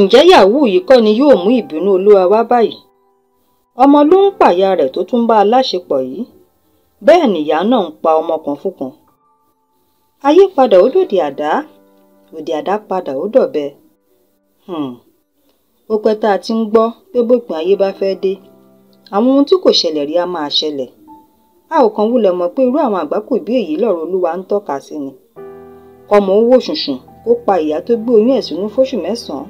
ǹjẹ́ yahoo yìí kọ́ ni yóò mú ìbínú olúwa wá báyìí ọmọ ló ń pàyà rẹ̀ tó tún bá a láṣepọ̀ yìí bẹ́ẹ̀ nìyá náà ń pa ọmọ kan fúnkan ayípadà ó dòdì àdá òdì àdá padà ó dọ̀bẹ ó pẹ́ tá a ti ń gbọ́ pé bópin ayé bá fẹ́ dé àwọn ohun tí kò ṣẹlẹ̀ rí a máa ṣẹlẹ̀ a ò kàn wulẹ̀ mọ̀ pé irú àwọn àgbákò bí èyí lọ̀rọ̀ olúwa ń tọ́ka sí ni kọ́mọ owó ṣùnṣùn kó pa ìyá tó gbé oyún ẹ̀ sínú fóṣù mẹ́sàn-án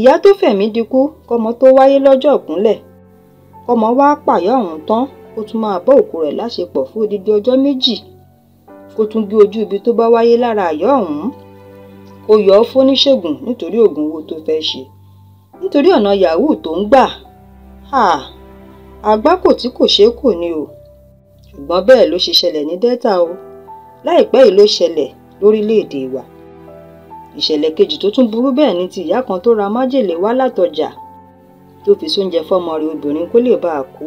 ìyá tó fẹ̀mí dikú kọ́mọ tó wáyé lọ́jọ́ ìkúnlẹ̀ kọ́mọ wá pààyà ọ̀hún tán ó tún máa bá òkú rẹ̀ láṣepọ̀ fún odidi ọjọ́ méjì kó tún gé ojú ibi tó bá wáyé lára àyà ọ̀hún kó yọ ọ́ fóníṣègùn nítorí oògùn owó tó fẹ́ ṣe nítorí ọ̀nà yahoo tó ń gbà àgbákò tí kò ṣeé kò ní o ṣùgbọ́n bẹ́ẹ̀ ló ṣe ṣẹlẹ̀ ní delta o láìpẹ́ yìí ló ṣẹlẹ̀ lórílẹ̀‐èdè wa ìṣẹ̀lẹ̀ kejì tó tún burú bẹ́ẹ̀ ni ti ìyá kan tó ra májèlé wá látọjà tó fi sóúnjẹ fọ́mọ rẹ̀ obìnrin kó lè bá a kú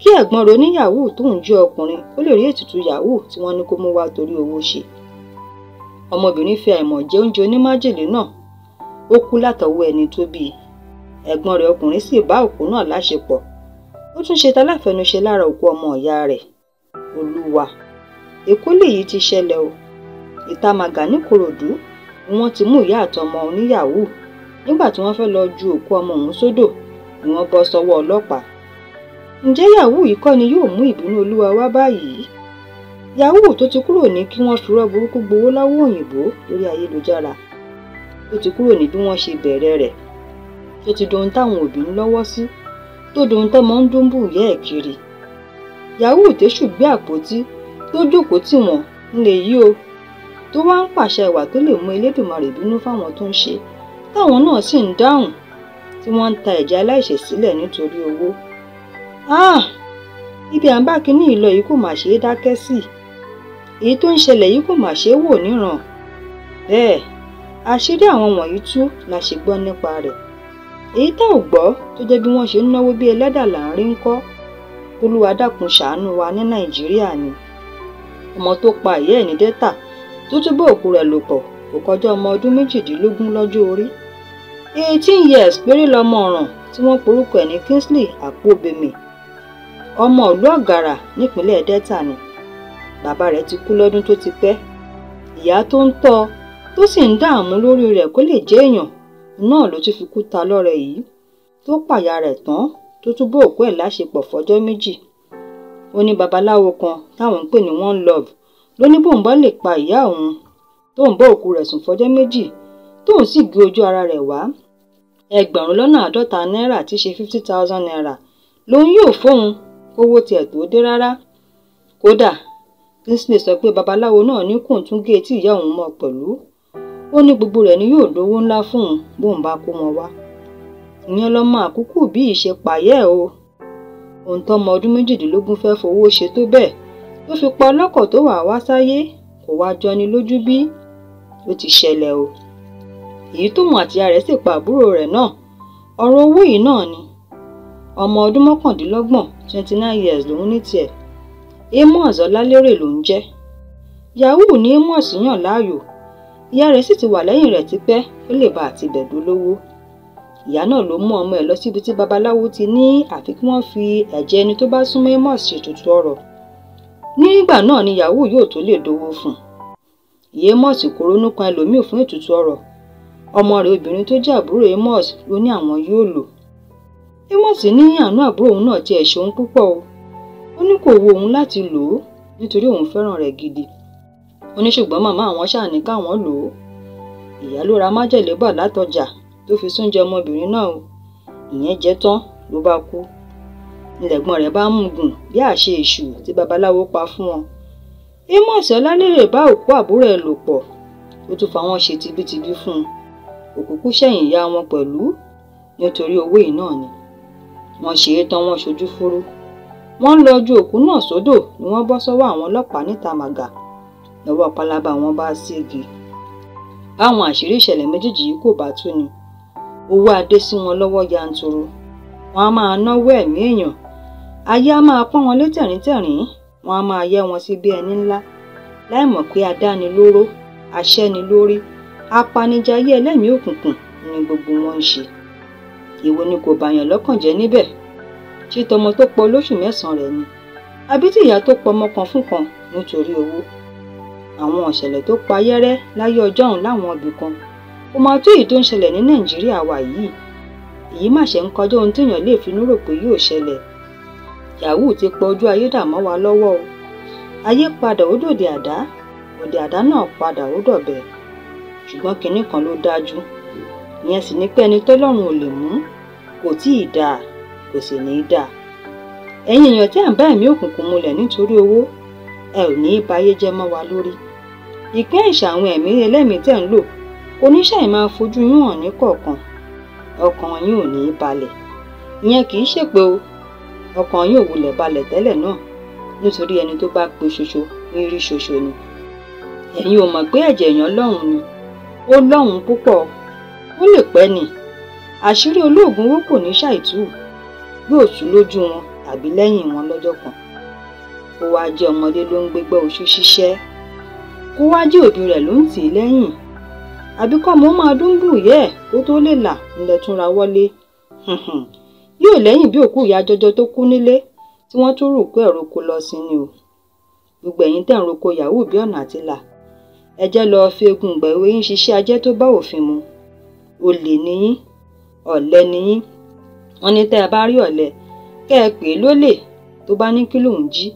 kí ẹ̀gbọ́n rẹ̀ oníyàwó tó ń jẹ́ ọkùnrin ó lè rí ètùtù yàwó tí wọ́n ní kó mú wá torí owó ṣe ọmọbìnrin fi àìmọ̀ jẹ oúnjẹ onímájèlé náà ó kú látọwọ́ ẹni tó bí ẹ̀gbọ́n rẹ̀ ọkùnrin sì bá òkú náà láṣepọ̀ ó tún ṣe taláfẹnuṣe lára òkú ọmọ ìyá rẹ̀ olúwa èkó lèyí ti ṣẹlẹ̀ o ìta màgà níkòròdú ni wọ́n ti mú ìyá àtọmọ oníyàwó nígbà tí wọ́n fẹ́ lọ ju òkú ọmọ ọ̀hún sódò ni wọ́n bọ́ sọ́wọ́ ọlọ́pàá ǹjẹ́ yahoo yìí kọ́ ni yóò mú ìbínú olúwa wá báyìí yahoo tó ti kúrò ní kí wọ́n furọ́ burúkú gbowó lọ́wọ́ òyìnbó lórí ayélujára tó ti kúrò ní bí wọ́n ṣe bẹ̀rẹ̀ rẹ̀ tó ti dohun táwọn òbí ń lọ́wọ́ sí tó dohun tó mọ́ ń dúnbù yẹ́ ẹ̀ kiri yahoo tẹ́sù gbé àpótí tó jókòó tì wọ́n ńlẹ̀ yìí o tó wá ń pàṣẹ ìwà tó lè mú Elédùmarè bínú fáwọn tó ń ṣe táwọn náà sì ń dáhùn tí wọ́n ń ta ẹ̀jẹ̀ aláìṣẹ̀ sílẹ̀ nítorí owó. Ah! ibi à ń bá kinní ìlọ yìí kò mà ṣeé dákẹ́ sí èyí tó ń ṣẹlẹ̀ yìí kò mà ṣeé wò níran bẹ́ẹ̀ àṣírí àwọn wọ̀nyí tú la ṣe gbọ́ nípa rẹ̀ èyí tá ò gbọ́ tó jẹ́ bí wọ́n ṣe ń náwó bí ẹlẹ́dà là ń rí ń kọ́ olúwa dákun ṣàánú wa ní nàìjíríà ni ọmọ tó pa ìyá ẹ̀ ní dẹ́tà tó túbọ̀ òkú rẹ̀ lò pọ̀ kò kọjá ọmọ ọdún méjìdínlógún lọ́jọ́ orí eighteen years péré lọmọ ọ̀ràn tí wọ́n porúkọ ẹ̀ ní Kingsley Akpobemi ọmọ ìlú Ọ̀gàrà nípínlẹ̀ Delta ni bàbá rẹ̀ ti kú lọ́dún tó ti pẹ́ ìyá tó ń tọ́ tó sì ń dààmú lórí rẹ̀ kó lè jẹ́ èèyàn náà ló tún fi kú ta lọ́rẹ̀ yìí tó pàyà rẹ̀ tán tó tún bá òkú ẹ̀ láṣepọ̀ fọjọ́ méjì ó ní babaláwo kan táwọn ń pè ní one love ló ní bóun bá lè pa ìyá òun tóun bá òkú rẹ̀ sùn fọjọ́ méjì tóun sì gbé ojú ara rẹ̀ wá ẹgbẹ̀rún lọ́nà àádọ́ta náírà tí í ṣe fifty thousand naira lòun yóò fóun kówó tiẹ̀ tó dé rárá kódà Kingsley sọ pé babaláwo náà ní kóun tún gé etí ìyá òun mọ́ pẹ̀lú ó ní gbogbo rẹ̀ ni yóò dówó ńlá fóun bóun bá kó wọn wá ìyẹn lọmọ àkúkú bí ìṣe pààyẹ́ o ohun tọmọ ọdún méjìdínlógún fẹ́ fowó ṣe tó bẹ́ẹ̀ ló fi pa ọlọ́kọ̀ tó wà wá sáyé kò wá jọni lójú bí ó ti ṣẹlẹ̀ o èyí tóun àtìyá rẹ̀ sì pa àbúrò rẹ̀ náà ọ̀rọ̀ owó yìí náà ni ọmọ ọdún mọ́kàndínlọ́gbọ̀n twenty nine years lòun ní tiẹ̀ Amos Ọlálérè ló ń jẹ́ yahoo ní Amos yàn láàyò ìyá rẹ̀ sì ti wà lẹ́yìn rẹ̀ tipẹ́ ó lè bá àti bẹ̀dú lówó ìyá náà ló mú ọmọ ẹ̀ lọ síbi tí babaláwo ti ní àfi kí wọ́n fi ẹ̀jẹ̀ ẹni tó bá súnmọ́ Amos ṣètùtù ọrọ̀ nígbà náà ni yahoo yóò tó lè dowó fún un yémọ̀sì kò ronú kan ẹlòmíì fún ètùtù ọ̀rọ̀ ọmọ rẹ̀ obìnrin tó jẹ́ àbúrò amos ló ní àwọn yóò lò amos ní àánú àbúrò òun náà tiẹ̀ ṣeun púpọ̀ o ó ní kò wo òun láti lò ó nítorí òun fẹ́ràn rẹ̀ gidi ó ní ṣùgbọ́n màmá àwọn ṣáà ní káwọn lò ó ìyá ló ra májèlé bọ̀ látọjà tó fi sóúnjẹ ọmọbìnrin náà ìyẹn jẹ tán ló bá kú ńlẹ̀gbọ́n rẹ̀ bá mú gùn bí àṣẹ èṣù tí babaláwo pa fún wọn. amos ọlálérè bá òkú àbúrò ẹ̀ lò pọ̀ ó tún fa wọn ṣe tibítibí fún un òkúkú ṣẹ̀yìn ìyá wọn pẹ̀lú nítorí owó yìí náà ni wọ́n ṣe é tán wọ́n ṣojú fúrú wọ́n lọ ju òkú náà sódò ni wọ́n bọ́ sọ́wọ́ àwọn ọlọ́pàá níta màgà lọ́wọ́ pálábá wọn bá ségi báwọn àṣírí ìṣẹ̀lẹ̀ méjèèjì yìí kò bá tú ni owó adé sí wọn lọ́wọ́ yanturu wọ́n á máa náwó ẹ̀mí èèyàn ayé á máa pọ́n wọn lé tẹ̀ríntẹ̀rín wọn á máa yẹ́ wọn sí bí ẹni ńlá láì mọ̀ pé adánilóró aṣẹ́nilórí apanijayé ẹlẹ́mìí òkùnkùn ni gbogbo wọn ń ṣe èwo ni kò bàyàn lọ́kàn jẹ́ níbẹ̀ ṣé tọmọ tó pọ̀ lóṣù mẹ́sàn-án rẹ̀ ni àbí tí ìyá tó pọ̀ ọmọ kan fún kan nítorí owó àwọn ọ̀ṣẹ̀lẹ̀ tó pa ayẹ́rẹ́ láyé ọjọ́ ọ̀hún láwọn ibì kan kò máa tó èyí tó ń ṣẹlẹ̀ ní nàìjíríà wa yìí èyí mà ṣe ń kọjá ohun téèyàn lè finú rò pé yóò ṣẹlẹ̀ yahoo ti pọ ojú ayé dà mọ́ wa lọ́wọ́ o ayé padà ó dòde àdá òde àdá náà padà ó dọ̀bẹ ṣùgbọ́n kinní kan ló dájú ìyẹn sì ni pé ẹni tọ́lọ́run ò lè mú kò tí ì dáa kò sì ní í dáa ẹ̀yin èèyàn tí à ń bá ẹ̀mí òkùnkùn mulẹ̀ nítorí owó ẹ ò ní í bayé jẹ́ mọ́ wa lórí ìpín ẹ̀ṣà àwọn ẹ̀mí ẹlẹ́mìí tẹ̀ ń lò oníṣẹ́ ẹ̀ máa fojú yún hàn ní kọ̀ọ̀kan ọkàn yín ò ní í balẹ̀ ìyẹn kì í ṣèpè o ọkàn yóò wulẹ̀ balẹ̀ tẹ́lẹ̀ náà nítorí ẹni tó bá pe ṣoṣo ń rí ṣoṣo ni ẹ̀yin ò mọ̀ pé ẹ̀jẹ̀ èèyàn lọ́hùn ni ó lọ́hùn púpọ̀ ó lè pẹ́ ni àṣírí olóògùn owó kò ní ṣàìtú yóò tú lójú wọn tàbí lẹ́yìn wọn lọ́jọ́ kan kó wáá jẹ́ ọmọdé ló ń gbégbá oṣù ṣiṣẹ́ kó wáá jẹ́ òbí rẹ̀ ló ń tì í lẹ́yìn àbíkọ́ mo máa dún bù kó tó lè là ńlẹ̀ túnra wọlé yóò lẹ́yìn bí òkú ìyá jọjọ tó kú nílé tí wọ́n tún rù kú ẹ̀ roko lọ sí ni o gbogbo ẹ̀yin tẹ̀ ń roko yahoo bí ọ̀nà àti là ẹ jẹ́ lọ fi egun gbẹ̀wé yín ṣiṣẹ́ ajé tó bá òfin mu olè ni yín ọ̀lẹ ni yín wọ́n ní tẹ́ ẹ bá rí ọ̀lẹ kẹ́ ẹ pè é lólè tó bá ní kí lòún jí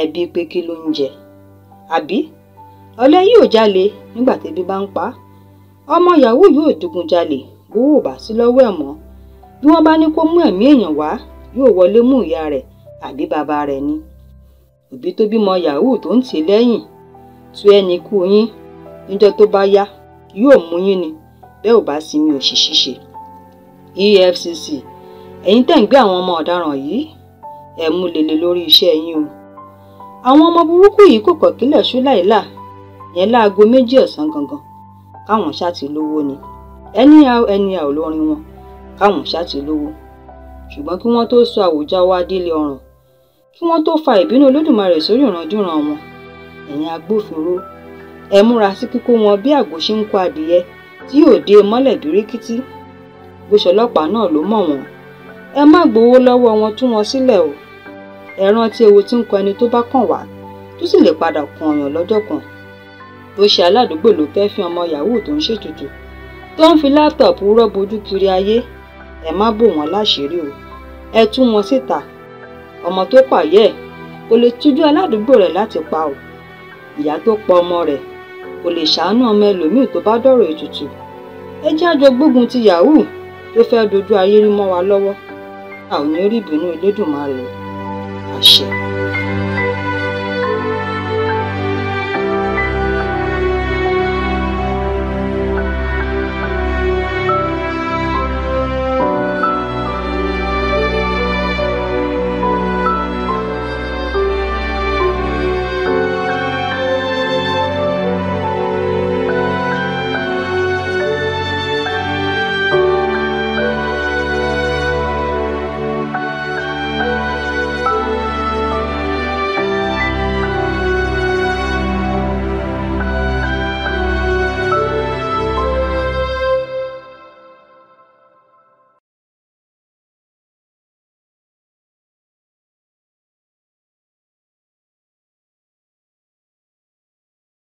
ẹbí pé kí ló ń jẹ àbí ọ̀lẹ yóò jalè nígbà tẹ́bí bá ń pa ọmọ yahoo yóò digun jalè bówó bá sí lọ́wọ́ ẹ̀ mọ́ bí wọ́n bá ní kó mú ẹ̀mí èèyàn wá yóò wọlé mú ìyá rẹ̀ àbí bàbá rẹ̀ ni òbí tó bímọ yahoo tó ń tì lẹ́yìn tú ẹni kú yín níjọ́ tó bá yá yóò mú yín ni bẹ́ẹ̀ ò bá sinmi òṣì ṣíṣe EFCC ẹ̀yin tẹ̀ ń gbé àwọn ọmọ ọ̀daràn yìí ẹ̀ mú lèlè lórí iṣẹ́ yín o àwọn ọmọ burúkú yìí kò kọ̀ kílẹ̀ ṣú láìláà yẹn láago méjì ọ̀sán gangan káwọn ṣáà ti lówó ni anyhow anyhow lórin wọn káwọn ṣáàtì lówó ṣùgbọ́n kí wọ́n tó sọ àwùjá wa délé ọrùn kí wọ́n tó fa ìbínú olódùmarè sórí ìrandúran wọn ẹ̀yin agbófinró ẹ múra sí kíkó wọn bí àgbò ṣe ń kó adìyẹ tí yóò dé mọ́lẹ̀ bíríkítí gbèsọlọ́pàá náà ló mọ̀ wọ́n ẹ má gbowó lọ́wọ́ wọn tú wọn sílẹ̀ o ẹ rántí ewu tí ń kọ ẹni tó bá kàn wá tó sì lè padà kan ọ̀yàn lọ́jọ́ kan bó ṣe aládùúgbò ló fẹ́ fi ọmọ yahoo tó ń ṣètùtù tó ń fi láptọ̀pù rọ́bù ojú kiri ayé ẹ má bò wọ́n láṣìírí o ẹ tú wọn síta ọmọ tó pààyẹ kò lè tújú aládùúgbò rẹ̀ láti pa o ìyá tó pa ọmọ rẹ̀ kò lè ṣàánú ọmọ ẹlòmíì tó bá dọ̀rọ̀ ètùtù ẹ jẹ́ àjọ gbógun ti yahoo tó fẹ́ dojú ayé rí mọ́ wa lọ́wọ́ a ò ní rí ìbínú Elédùmarè àṣẹ.